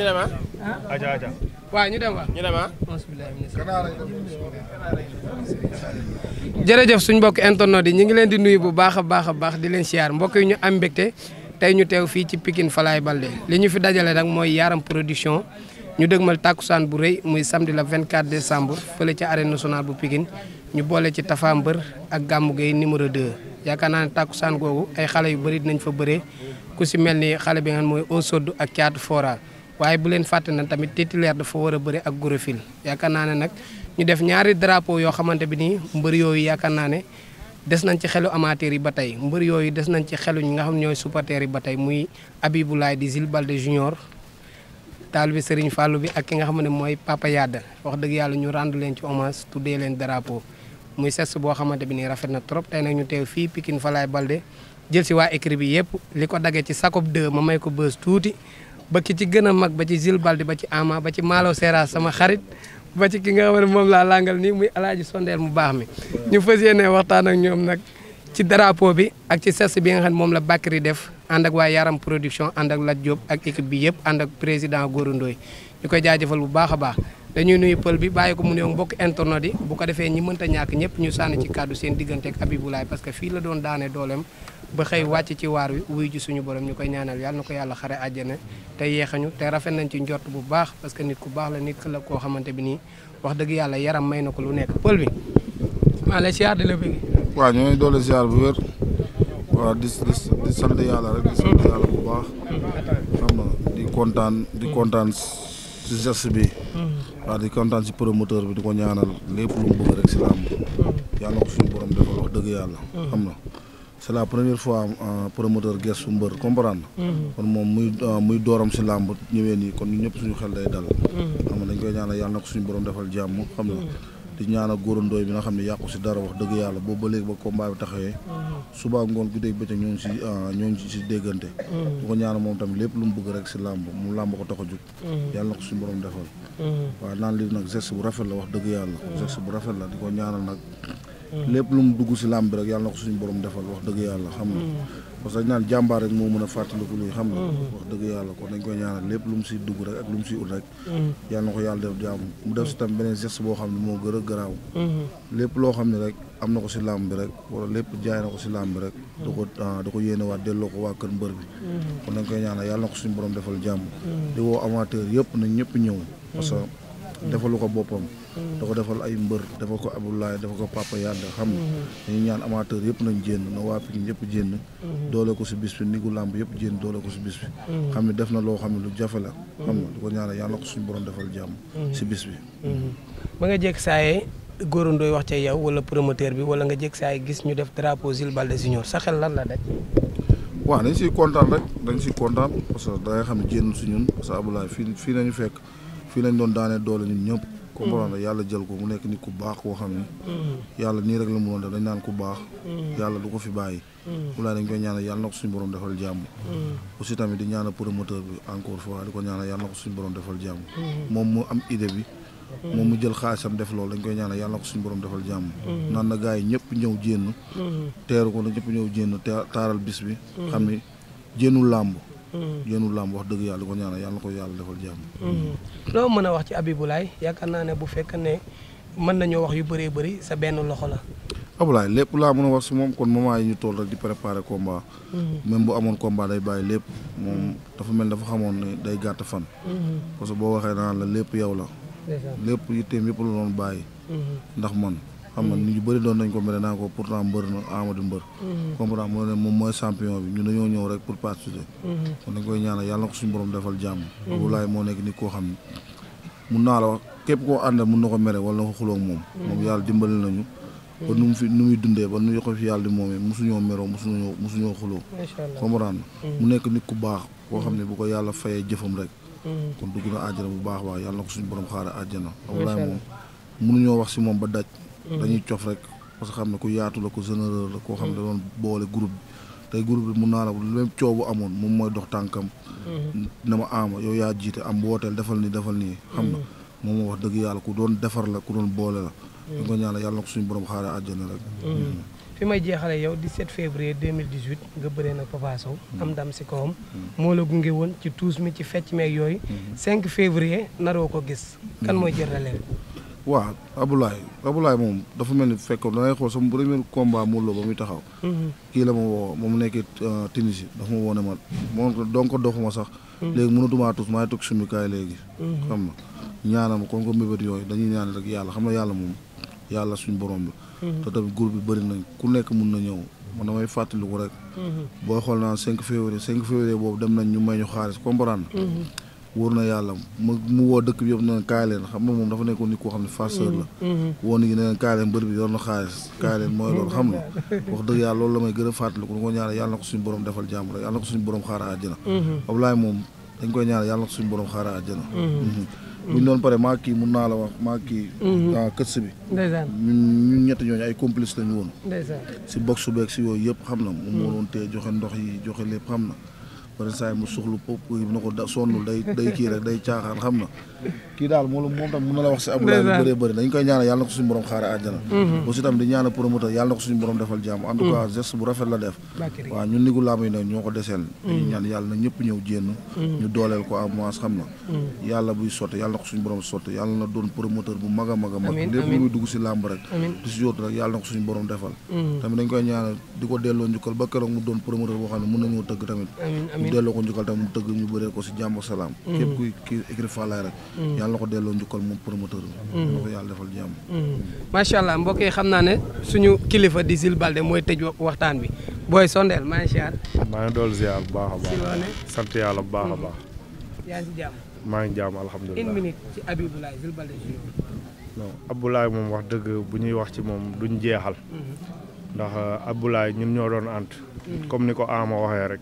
ñu ah. Ah. waaw ñu dem waaw ñu dem ah. jërëjëf suñ mbokk internet yi ñu ngi leen di nuyu bu baax a baax a baax di leen siyaar mbokk yi ñu am mbégte tey ñu teew fii ci pikin falaay Baldé li ñu fi dajale nag mooy Yaram Production ñu dëgmal tàkkusaan bu rëy muy samedi le 24 décembre fële ci arène nationale bu pikin ñu boole ci Tafa ak Gamou Gueye numéro 2 yaakaar naa ne tàkkusaan googu ay xale yu bëri dinañ fa bëree ku si mel ni xale bi nga xam mooy Osodou ak Caatu Fora. waaye bu leen fàtte na tamit titulaire dafa war a bëri ak gros fil yaakaar naa ne nag ñu def ñaari drapeau yoo xamante bi nii mbër yooyu yaakaar naa ne des nañ ci xelu amateur yi ba tey mbër yooyu des nañ ci xelu ñi nga xam ñooy supporters yi ba tey muy Abibou Laye di Zil Balde junior bi Serigne Fallou bi ak ki nga xam ne mooy Papa Yada wax dëgg yàlla ñu rendu leen ci hommage tuddee leen drapeau muy ses boo xamante bi nii rafet na trop tey nag ñu teew fii Pikine Falaye Balde jël si waa écrit bi yëpp li ko dagee ci sakop 2 ma may ko bës tuuti ba ki ci gën a mag ba ci Jules Baldé ba ci Ama ba ci Malo Sera sama xarit ba ci ki nga xam moom laa langal nii muy alaaji sondeel mu baax mi ñu fas ne waxtaan ak ñoom nag ci drapeau bi ak ci sess bi nga xam ne moom la Bakary def ànd ak waa Yaram production ànd ak Lat Diop ak équipe bi yëpp ànd ak président Gora Ndoye ñu koy jaajëfal bu baax a baax dañuy nuyu pël bi bàyyi ko mu néew mbokk internet yi bu ko defee ñi mënta ñàkk ñëpp ñu sànni ci kàddu seen diggante ak Abibulaay parce que fii la doon daane dooleem ba xëy wàcc ci waar wi wuy ji suñu borom ñu koy ñaanal yàlla na ko yàlla xare àjjana te yeexañu te rafet nañ ci njort bu baax parce que nit ku baax la nit la koo xamante bi nii wax dëgg yàlla yaram may na ko lu nekk pël bi maa lay siyaar di la bëgg waaw ñooy doole siyaar bu wér waaw di di sant yàlla rek di sant yàlla bu baax xam na di kontaan di kontaan si geste bi waaw di kontaan si promoteur bi di ko ñaanal lépp lu mu bëgg rek si làmb yàlla ko suñu borom defal wax dëgg yàlla xam na c'est la première fois euh, promoteur gestu mbër comprendre mhm. kon moom muy euh, muy dooram si làmb ñëwee nii kon ñëpp suñu xel day dal mhm. xam nga dañ koy ñaanal yàlla na ko suñu borom defal jàmm xam na mhm. di ñaanal góorandooy bi nga xam ne yàqu si dara wax dëgg yàlla boobu ba léegi ba combat bi taxawee suba ngoon guddeeg bëccëg ñoo ngi si euh, ñoo ngi si déggante bu ko ñaanal moom tamit lépp lu mu bëgg rek si làmb mu làmb ko tax a jóg yàlla ko suñu borom defal waaw naan li nag geste bu rafet la wax dëgg yàlla geste bu rafet la di ko ñaanal nag Mm. lépp lu mu dugg si làmb rek yàlla na ko suñu boroom defal wax dëgg yàlla xam na mm. parce que naan jàmbaar rek moo mën a fàttaliku luy xam na mm. wax dëgg yàlla kon dañ koy ñaanal lépp lu mu si dugg rek ak lu mu si ut rek yàlla na ko yàlla def jàmm mu def si tam beneen geste boo xam ne moo gën a garaaw mm-hmm. lépp loo xam ne rek am na ko si làmb bi rek wala lépp jaay ko si làmb rek da ko ah, da ko yéene waat delloo ko waa kër mbër bi mm-hmm. kon dañ koy ñaanal yàlla ko suñu boroom defal jàmm mm-hmm. di woo amateur yëpp nañ ñëpp ñëw parce que defalu ko boppam da ko defal ay mbër dafa ko Abdoulaye dafa ko Papa Yade xam nga ñu ñaan amateur yëpp nañ jénn na waa Pikine yëpp jénn doole ko si bis bi xam ne def na loo xam ne lu jafe la xam nga di ko ñaanal yàlla ko suñu borom defal jàmm si bis bi ba nga jekk saaye Gora Ndoye wax ca yow wala promoteur bi wala nga jekk saaye gis ñu def drapeau Jules Baldé Junior sa xel lan la daj waaw dañ siy kontaan rek dañ siy kontaan parce que da nga xam ne jénn si ñun fii lañ doon daanee doole nit ñun ñëpp. comprendre mm. yàlla jël ko mu nekk nit ku baax koo xam ne. Mm. yàlla nii rek la mu doon def dañ naan ku baax. Mm. yàlla du ko fi bàyyi. mu laa dañ koy ñaanal yàlla na ko suñu borom defal jàmm. aussi tamit di ñaanal promoteur bi encore fois di ko ñaanal yàlla na ko suñu borom moom mu am idée bi. moom mu jël xaalisam def loolu dañ koy ñaanal yàlla na ko suñu borom defal jàmm. naan na gars yi ñëpp ñëw jénn. teeru ko na ñëpp ñëw jénn taaral bis bi. xam ni jénnul làmb. Mm. yoonu làmb wax dëgg yàlla ko ñaanal yàlla na ko yàlla defal jàmm. Mm. loo mën a wax ci Abibulaay yaakaar naa ne bu fekk ne mën nañoo wax yu bëree bëri sa benn loxo la. Abulaay lépp laa mën a wax si moom kon moment yi ñu toll rek di préparer combat. Mm. même bu amoon komba day bàyyi lépp moom dafa mel dafa xamoon ne day gàtt fan. Mm-hmm. parce que boo waxee naan la lépp yow la. lépp yitteem yëpp la doon bàyyi. Mm-hmm. ndax man. xam nga nit ñu bëri doon nañ ko mere naa ko pourtant mbër na Amadou mbër mhm. comprendre moom mooy sampion bi ñu dañoo ñëw rek pour participer mhm. kon dañ koy ñaanal yàlla na ko suñu borom defal jàmm mhm. Abdoulaye moo nekk koo xam ne mun naa la wax képp koo àndal mun na ko mere wala na ko xuloo moom moom yàlla dimbali nañu ba nu mu fi nu muy dundee ba nu ko fi yàlla di moomee mosuñoo meroo mosuñoo mosuñoo xuloo comprendre mu nekk nit ku baax koo xam ne bu ko yàlla fayee jëfam rek kon dugg na àjjana bu baax baax yàlla na ko suñu borom xaare àjjana Abdoulaye moom mënuñoo wax si moom ba daj Mm-hmm. dañuy cof rek parce que xam ne ku yaatu la ku généreux la koo xam ne da doon mm-hmm. boole groupe bi tey groupe bi mun naa la même coow bu amoon moom mooy dox tànkam mm-hmm. na ma ama ah yow yaa jiite am wooteel defal nii defal nii xam na moom moo wax dëgg yàlla ku doon defar la ku doon boole la dañ ko ñaanal yàlla na ko suñu borom xaaree àjjana rek fi may jeexale yow 17 février 2018 nga bëree nag Papa Sow am ndam si kawam moo la gunge woon ci tuus mi ci fecc meeg yooyu 5 février naroo ko gis kan mooy jël relève waaw Aboulaye Aboulaye moom dafa mel ni fekkoon da ngay xool sama premier combat Modou Lo ba muy taxaw. Mhm. kii la ma woo moom nekkee euh, Tunisie dafa ma woo ne ma moom donc doxuma sax. Mhm. léegi mënatumaa tus mhm. xam nga ñaanam kon ko mbébét yooyu dañuy ñaan rek yàlla xam nga yàlla moom yàlla suñu borom la. te tamit groupe bi bëri nañ ku nekk mun na ñëw man damay fàttaliku rek. boo xool naa 5 février 5 février boobu dem nañ ñu may ñu xaalis comprendre wóor na yàlla ma mu woo dëkk bi yëpp ne leen kaay xam na moom dafa nekkoon nit ko xam ne farceur la mm-hmm. Mm-hmm. woo nit ñi ne leen kaay leen bër bi yor na xaalis kaay mooy loolu xam nga mm-hmm. wax dëgg yàlla loolu la may gën a fàttaliku ko ñaanal yàlla na ko suñu borom defal jàmm rek yàlla na ko suñu borom xaara àjjana Ablaye moom dañ koy ñaanal yàlla na ko suñu borom xaara àjjana buñ doon pare maa kii mun naa la wax maa kii ah këts bi ñun ñun ñetti ñooñu ay complice lañu woon si box beeg si yooyu yëpp xam na moom moo doon tee joxe ndox yi joxe lépp xam na pare saa mu suxlu pop na ko sonn day day kii rek day caaxaan xam na kii daal moom moom tam mën na la wax si Abdoulaye lu bëree bëri dañ koy ñaanal yàlla na ko suñu borom xaare àjjana mhm. aussi tam di ñaanal promoteur yàlla na ko suñu borom defal jàmm en tout cas mhm. geste mhm. a a tamit dañ tamit ñu delloo ko njukkal tamit mu tëgg ñu bëree ko si jàmm salaam mm. képp kuy kii écrit Falaye rek mm. yàlla na ko delloo njukkal moom promoteur bi mm. na ko macha allah mbokk xam naa ne suñu kilifa di Jules mooy tëj waxtaan bi booy sondeel maa ngi maa ngi dool ziar bu baax a baax sant yàlla bu baax a baax ngi si jàmm maa ngi jàmm alhamdulilah une moom wax dëgg bu ñuy wax ci moom duñ jeexal mm-hmm. ndax Aboulaye ñun ñoo doon ànd comme ni ko Ama waxee rek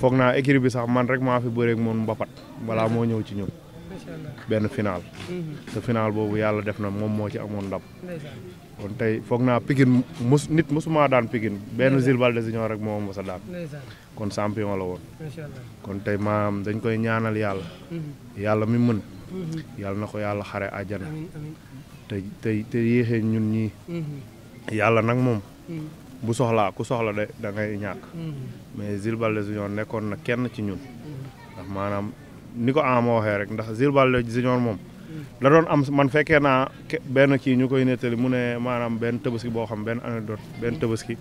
foog naa équipe bi sax man rek maa fi bëreeg moom mbapat balaa moo ñëw ci ñun. benn final. Mhm. te final boobu yàlla def na moom moo ci amoon ndam. kon tey foog naa pikin mos nit mosuma daan Pikine benn Jules Baldé Junior rek moo mos a daan. kon champion la woon. kon tey maam dañ koy ñaanal yàlla. Mhm. yàlla mi mën. Mhm. yàlla na ko yàlla xare àjjana. te tey te yéexee ñun ñii. yàlla nag moom. bu soxlaa ku soxla de da ngay ñàkk. Mm-hmm. mais Jules Baldé Junior nekkoon na kenn ci ñun. Mm-hmm. ndax maanaam ni ko ama waxee rek ndax Jules Baldé Junior moom. Mm-hmm. da doon am man fekkee naa benn kii ñu koy nettali mu ne maanaam benn tabaski boo xam benn anecdote benn tabaski.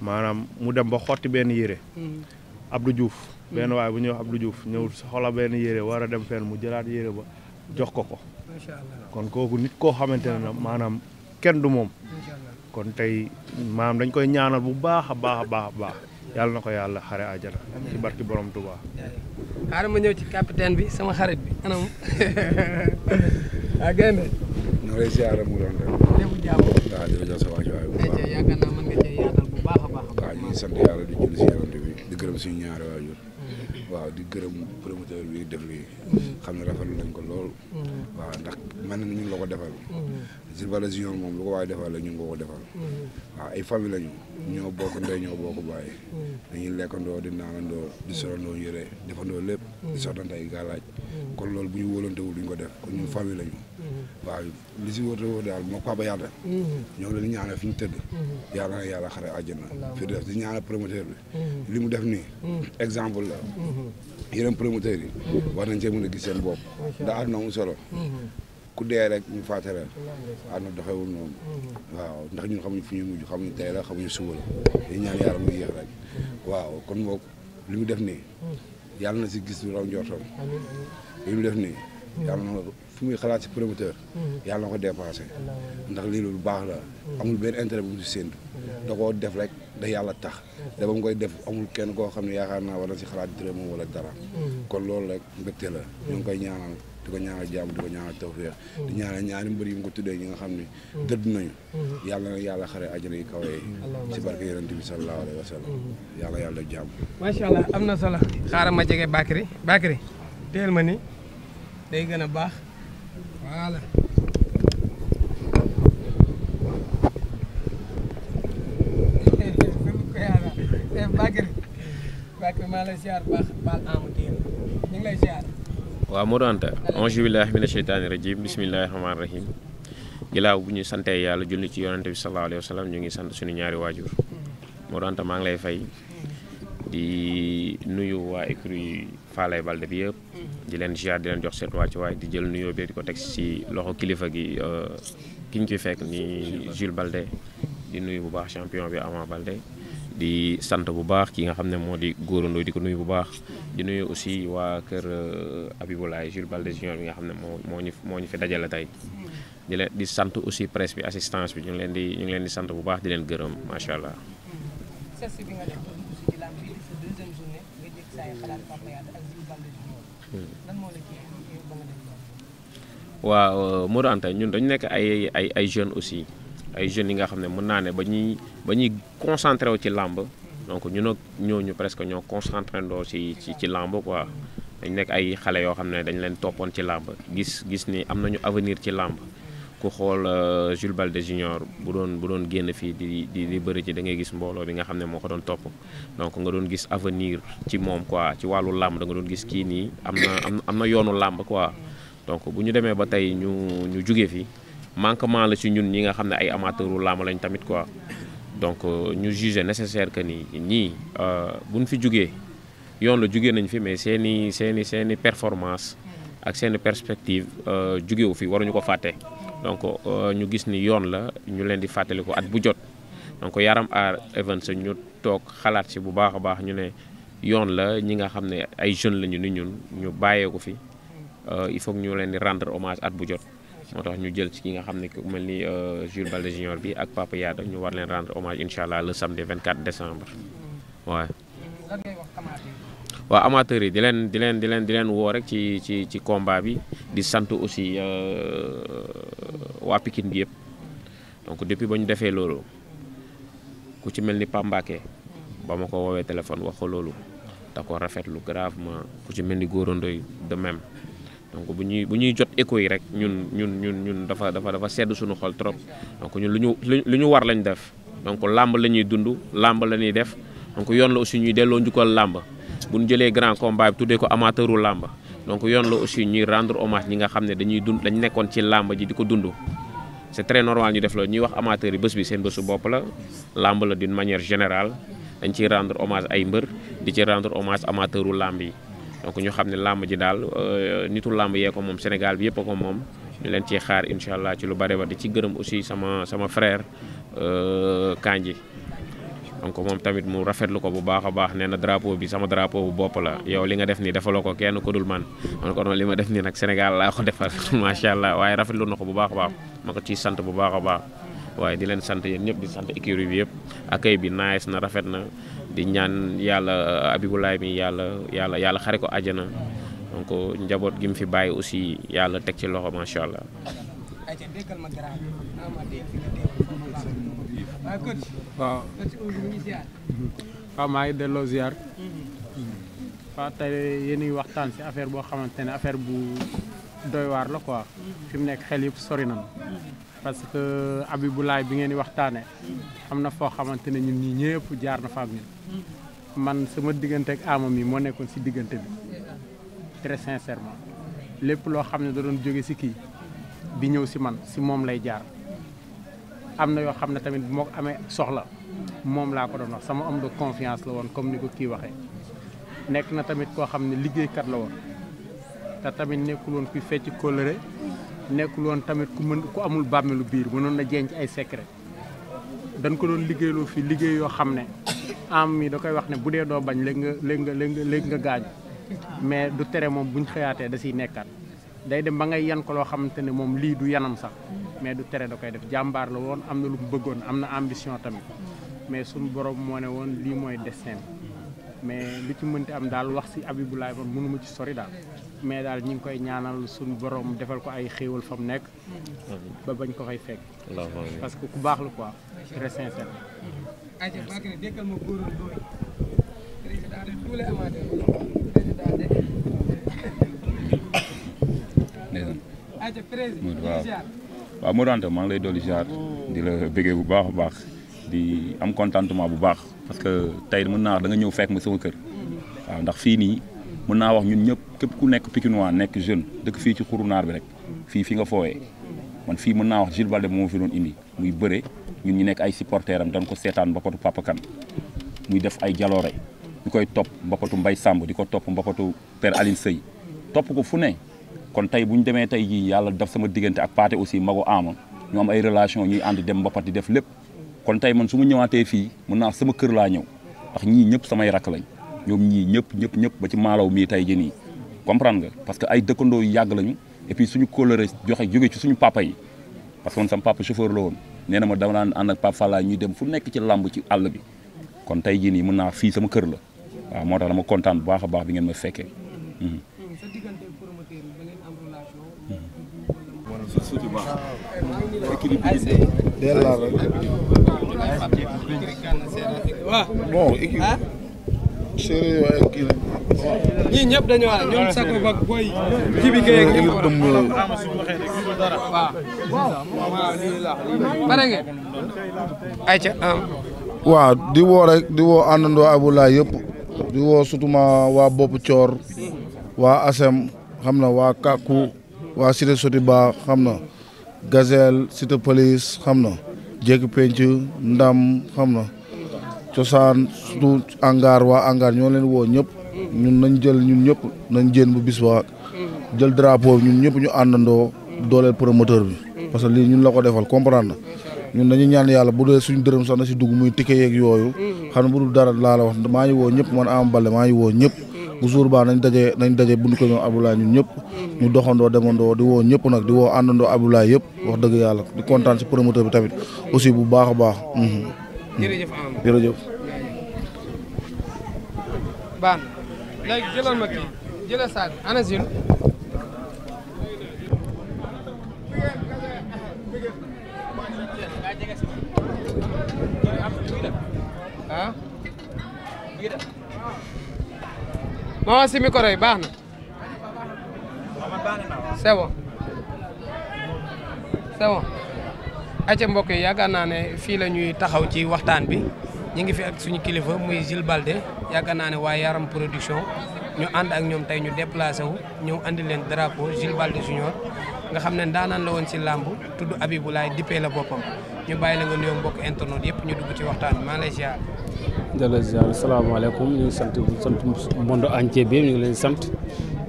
maanaam mu dem ba xotti benn yére. Abdou juuf benn waaye bu ñëw wax Abdou juuf ñëw soxla benn yére war dem fenn mu jëlaat yére ba jox ko ko. kon kooku nit koo xamante ne maanaam kenn du moom. kon tey maam dañ koy ñaanal bu baax a baax a baax a baax yàlla na ko yàlla xare àjjana ci barki borom Touba. xaaral ma ñëw ci capitaine bi sama xarit bi anam. ah gaynde. ñoo lay ah, bu baax. yaakaar naa mën nga cee yaatal baax a baax. waaw ah, ñu ngi sant yàlla di julli si yonent bi di gërëm suñu ñaari waajur waaw di gërëm promoteur bii def lii mm-hmm. xam ne rafetlu nañ ko lool mm-hmm. waaw ndax man na ñun la ko defal Zilbala mm-hmm. Junior moom lu ko waaye defal la ñun nga ko defal waaw ay famille lañu ñoo bokk ndey ñoo bokk bàyyi. dañuy lekkandoo di naanandoo di solandoo yëre defandoo lépp. di soxlante ay gàllaaj kon loolu bu ñu wóolantewul duñ ko def kon ñun famille lañu. waaw li si wóote wóote daal moo Papa Yada. ñoo ngi leen di ñaanal fi ñu tëdd. yàlla na yàlla xare àjjana. fi def di ñaanal promoteur bi. li mu def ni exemple la. yeneen promoteurs yi. war na cee mën a gis seen bopp. ndax solo. ku dee rek ñu fàtte la àdduna doxewul noonu waaw ndax ñun xamuñu fu ñuy mujj xamuñu tey la xamuñu suba la dañu ñaan yàlla muy yéex rek waaw kon moom li mu def nii yàlla na si gis lu raw njortam mu def nii yàlla na fu muy xalaat si promoteur yàlla na ko dépassé ndax lii lu baax la amul benn intérêt bu mu si séntu da koo def rek da yàlla tax da ba mu koy def amul kenn koo xam ne yaakaar naa war na si xalaat dërëm moom walla dara kon loolu rek mbégte la ñu ngi koy ñaanal di ko ñaanal jàmm di ko ñaanal tawfeex di mm. ñaanal ñaari mbër yi mu ko tuddee ñi nga xam ne mm. dëdd nañu mm. yàlla na yàlla xare ajjana yi kawe ci barke yonent bi sallallahu alayhi wa sallam mm-hmm. yàlla yàlla jàmm macha allah am na solo xaaral ma jege Bakary Bakary teel ma ni day gën a baax eh, baax baal amu téel ñu ngi lay siyaar waaw Modou Anta ange billahi mina sheytaani rajim bisimillahi rahmaani rahim gilaaw bu ñu santee yàlla julli ci yonante bi sallallahu alayhi wa sallam ñu ngi sant suñu ñaari waajur Modou Anta maa ngi lay fay di nuyu waa écurie Falaye Baldé bi yëpp di leen ziar di leen jox seen wàccuwaay di jël nuyoo bi di ko teg ci loxo kilifa gi euh, ki ci fekk ni Jules Baldé di nuyu bu baax champion bi Ama balde di sant bu baax ki nga xam ne moo di góorandoo di ko nuyu bu baax di nuyu aussi waa kër euh, Abibulaay Jules Balde Junior bi nga xam ne moo moo ñu moo ñu fi dajale tey di leen di sant aussi presse bi assistance bi ñu ngi leen di ñu ngi sant bu baax di leen gërëm macha allah. Hmm. waaw euh, Modou Anta ñun dañu nekk ay ay ay jeunes aussi ay jeunes yi nga xam ne mën naa ne ba ñuy ba ñuy concentré wu ci làmb. donc ñun ñooñu presque ñoo concentré ndoo ci ci ci làmb quoi dañ nekk ay xale yoo xam ne dañ leen toppoon ci làmb gis gis ni am na ñu avenir ci làmb ku xool euh, Jules Balde junior bu doon bu doon génn fii di di di bëri ci da ngay gis mbooloo bi nga xam ne moo ko doon topp donc nga doon gis avenir ci moom quoi ci wàllu làmb danga doon gis kii nii am na am na yoonu làmb quoi donc bu ñu demee ba tey ñu ñu jugee fi manquement la ci ñun ñi nga xam ne ay amateuru làmb lañ tamit quoi donc euh, ñu jugé nécessaire que nii ñii euh, buñ fi jugee yoon la jugee nañ fi mais seen i seen i seen i performance ak seen i perspective euh, jugee wu fi waruñu ko fàtte donc ñu gis ni yoon la ñu leen di fàttali ko at bu jot donc Yaram Art Events ñu toog xalaat si bu baax a baax ñu ne yoon la ñi nga xam ne ay jeunes lañu ni ñun ñu bàyyee ko fi il faut ñu leen di rendre hommage at bu jot moo tax ñu jël ci ki nga xam ne ku mel ni euh, Jules Balde junior bi ak Papa Yada ñu war leen rendre hommage incha allah le samedi 24 décembre waaw. waaw amateurs yi di leen di leen di leen di leen woo rek ci ci ci combat bi di sant aussi euh, waa Pikine bi yëpp donc depuis ba ñu defee loolu ku ci mel ni Pambake ba ma ko woowee téléphone wax ko loolu da ko rafetlu gravement ku ci mel ni góorandoo de même. donc bu ñuy bu ñuy jot écho yi rek ñun ñun ñun ñun dafa dafa dafa sedd suñu xol trop donc ñun lu ñu lu ñu war lañ def donc làmb la ñuy dund làmb la ñuy def donc yoon la aussi ñuy delloo njukkal làmb bu ñu jëlee grand combat bi tuddee ko amateuru làmb donc yoon la aussi ñuy rendre hommage ñi nga xam ne dañuy dund dañ nekkoon ci làmb ji di ko dund c'est très normal ñu def loolu ñuy wax amateurs yi bés bi seen bésu bopp la làmb la d'une manière générale dañ ciy rendre hommage ay mbër di ci rendre hommage amateuru làmb yi donc ñu xam ne làmb ji daal euh, nitul làmb yee ko moom Sénégal bi yëpp a ko moom ñu leen ciy xaar incha allah ci lu bare ba di ci gërëm aussi sama sama frère euh, Kandji donc moom tamit mu rafetlu ko bu baax a baax nee na drapeau bi sama drapeau bu bopp la yow li nga def nii defaloo ko kenn ko dul man man kon li ma def nii nag Sénégal laa ko defal macha allah waaye rafetlu na ko bu baax a baax ma ko ciy sant bu baax a baax waaye di leen sant yéen ñëpp di sant écurie bi yëpp accueil bi nice na rafet di ñaan yàlla abibulaay mi yàlla yàlla yàlla xare ko àjjana donc njaboot gi mu fi bàyyi aussi yàlla teg ci loxo macha allah. waaw maa ngi delloo ziar. waaw tey yéen waxtaan si affaire boo xamante ne affaire bu doy waar la quoi. fi mu nekk xel yëpp sori nañu. parce que Abiboulaye bi ngeen di waxtaanee am na foo xamante ne ñun ñii ñëpp jaar na fa ak ñun man sama diggante ak ama mi moo nekkoon si diggante bi très sincèrement lépp loo xam ne da doon jóge si kii bi ñëw si man si moom lay jaar am na yoo xam ne tamit bu ma ko amee soxla moom laa ko doon sama homme de confiance la woon comme ni ko kii waxee nekk na tamit koo xam ne liggéeykat la woon te tamit nekkul woon kuy fecc kóllëre nekkul woon tamit ku mën ku amul bàmmeelu biir mënoon na jenc ay secret dañ ko doon liggéeyloo fii liggéey yoo xam ne am mi da koy wax ne bu dee doo bañ léegi nga léegi nga léegi nga gaañu mais du tere moom buñ xëyaatee da siy nekkaat day dem ba ngay yan ko loo xamante ne moom lii du yanam sax mais du tere da koy def jàmbaar la woon am na lu mu bëggoon am na ambition tamit mais sunu borom moo ne woon lii mooy destin mais lu ci mënti am daal wax si Abibulaay man mënuma ci sori daal mais daal ñu ngi koy ñaanal suñu borom defal ko ay xéewal fa mu nekk. ba bañ ko fay fekk. parce que ku baax la ko très sincère. waaw Modou Anta maa ngi lay dolli ziar di la bëggee bu baax a baax di am contentement bu baax parce que tey mën naa wax da nga ñëw fekk ma sama kër mm-hmm. waaw ndax fii nii. mën naa wax ñun ñëpp képp ku nekk Pikinois nekk jeune dëkk fii ci xurunaar bi rek fii fi nga foowee man fii mën naa wax Jules Baldé moo fi doon indi muy bëre ñun ñu nekk ay supporters am dañ ko seetaan mbappatu Papa muy def ay jaloore ñu koy topp mbappatu mbay sàmb di ko topp mbappatu Père Aline Seye topp ko fu ne kon tey bu ñu demee tey jii yàlla daf sama diggante ak Pathé aussi mago ama ñu am ay relation ñuy ànd dem mbapat di def lépp kon tey man su ma ñëwaatee fii mën naa sama kër laa ñëw ndax ñii ñëpp samay rakk lañ ñoom ñii ñëpp ñëpp ñëpp ba ci maalaw mii tey jii nii comprendre nga parce que ay dëkkandoo yu yàgg lañu et puis suñu kóolóore joxe jóge ci suñu papa yi parce que man sama papa chauffeur la woon nee na ma dama daan ànd ak Pape Falla ñuy dem fu nekk ci làmb ci àll bi kon tey jii yi mën naa fii sama kër la waaw moo tax dama kontaan bu baax baax bi ngeen ma fekkee. Mhm. séeréer yooyu ak kii ñii ñëpp dañu wax ah. yëpp di woo waa bopp Coor waa Asem xam na waa Kaku waa Cité Sotiba xam na Gazelle Cité Police xam na Jékki Penc Ndam xam na cosaan suñu angaar waa angaar ñoo leen woo ñëpp ñun nañ jël ñun ñëpp nañ jéen bu bis ba jël drapeau bi ñun ñëpp ñu àndandoo dooleel promoteur bi parce que lii ñun la ko defal comprendre ñun nañu ñaan yàlla bu dee suñu dërëm sax na si dugg muy tikke yeeg yooyu xam ne bu dul dara laa la wax maa ngi woo ñëpp man am bale maa ngi woo ñëpp bu jour ba nañ daje nañ daje buñ ko ñëw Abdoulaye ñun ñëpp ñu doxandoo demandoo di woo ñëpp nag di woo àndandoo Abdoulaye yëpp wax dëgg yàlla di kontaan si promoteur bi tamit aussi bu baax a baax mhm. jërëjëf baan léegi jëlal ma ah? baax na c'est bon c'est bon acca mbokk yi yaakaar naa ne fii la ñuy taxaw ci waxtaan bi ñu ngi fi ak suñu kilifa muy Jules Baldé yàgg naa ne waa Yaram production ñu ànd ak ñoom tey ñu déplacé wu ñëw andi leen drapeau Jules Baldé nga xam ne ndaanaan la woon ci làmb tudd Abibou Laye dippee la boppam ñu bàyyi la nga nuyoo bokk internet yëpp ñu dugg ci waxtaan bi maa ngi lay delloo ziar salaamaaleykum ñu sant sant monde entier bi ñu ngi leen sant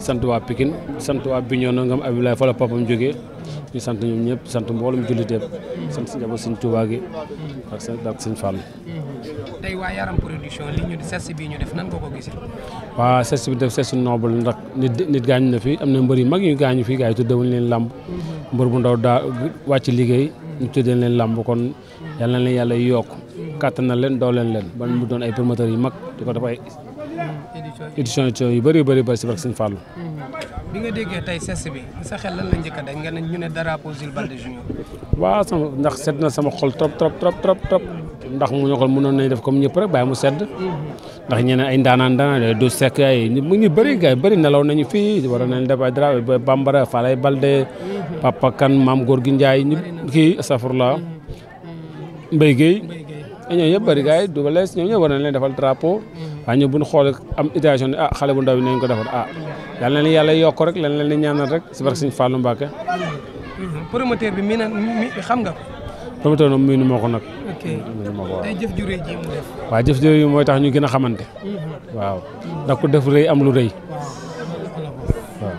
sant waa pikin sant waa Bignona ngam Abdoulaye fa la papam jógee ñu sant ñoom ñëpp sant mboolum julliteeb sant si njaboot suñ Tuubaa gi ak seen ak suñ Fall. waa Yaram production bi ñu def nan nga ko waaw sess bi def sess noble ndax nit gaañu na fi am na mbër yu mag yu gaañu fi gars yi tuddewuñ leen làmb mbër bu ndaw daa wàcc liggéey ñu tuddee leen làmb kon yal leen yàlla yokk. kàttanal leen dooleel leen ban mu doon ay promoteurs yu mag di ko def ay édition yu bëri bëri bëri si barke Sëñ Fallou mm-hmm. bi nga déggee tey cesse bi a daj nga ne ñu ne drapeau Jules Baldé Junior. waaw sama ndax sedd na sama xol trop trop trop trop ndax mu ñu xol mënoon nañ def comme ñëpp rek bàyyi mu sedd mm-hmm. ndax ñeneen ay ndaanaan ndaanaan du sekk ay mu ngi bëri gars yi bëri nelaw nañu fii waroon Bambara Falay Baldé mm-hmm. Papa Kan Maam Gorgui Ndiaye ñu kii astafurlah Mbaye Guèye ñooñu ñëpp bëri gars yi Double Less ñoom ñëpp war nañ leen defal drapeau mm-hmm. waaye ñoom bu ñu xool am éducation ne ah xale bu ndaw bi nañ ko defal ah yàlla na leen yàlla yokk rek lan leen di ñaanal rek si barke Sëñ Fallou Mbacké mm-hmm. Mm-hmm. promoteur bi mi na xam nga ko promoteur moom miinu moo ko nag miinu ko waaw jëf ju rëy jëf ju rëy mooy tax ñu gën a xamante waaw ndax ku def rëy am lu rëy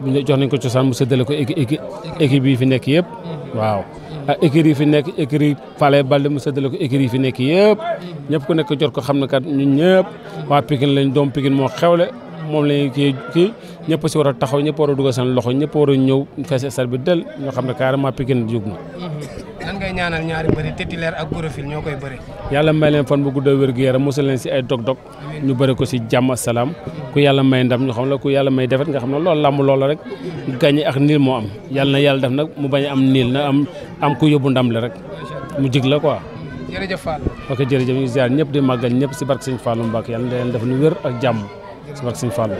jox nañ ko cosaan mu séddale ko équipe yi fi nekk yëpp waaw ak ah, écurie yi fi nekk yi Falaye Baldé mu séddale ko écurie yi fi nekk yëpp ñëpp ku nekk jot ko xam ne kat ñun ñëpp waa Pikine lañ doom Pikine moo xewle moom lañu kii kii ñëpp si war a taxaw ñëpp war a dugal seen loxo ñëpp war a ñëw fees stade bi del ñoo xam ne carrément Pikine jóg na koy ñaanal ñaari bëri titulaire koy bëri. yàlla may leen fan bu gudd wér gu yaram mosal leen si ay dog-dog ñu bëri ko si jàmm salaam ku yàlla may ndam ñu xam la ku yàlla may defet nga xam ne loolu làmb loola rek gagné ak niil moo am yàlla na yàlla def nag mu bañ am niil na am am ku yóbbu ndam la rek mu jig la quoi. jërëjëf Fall. ok jërëjëf ñu ziar ñëpp di màggal ñëpp si barke Sëñ Fallou Mbacke yàlla na leen def nu wér ak jàmm si barke Sëñ Fallou.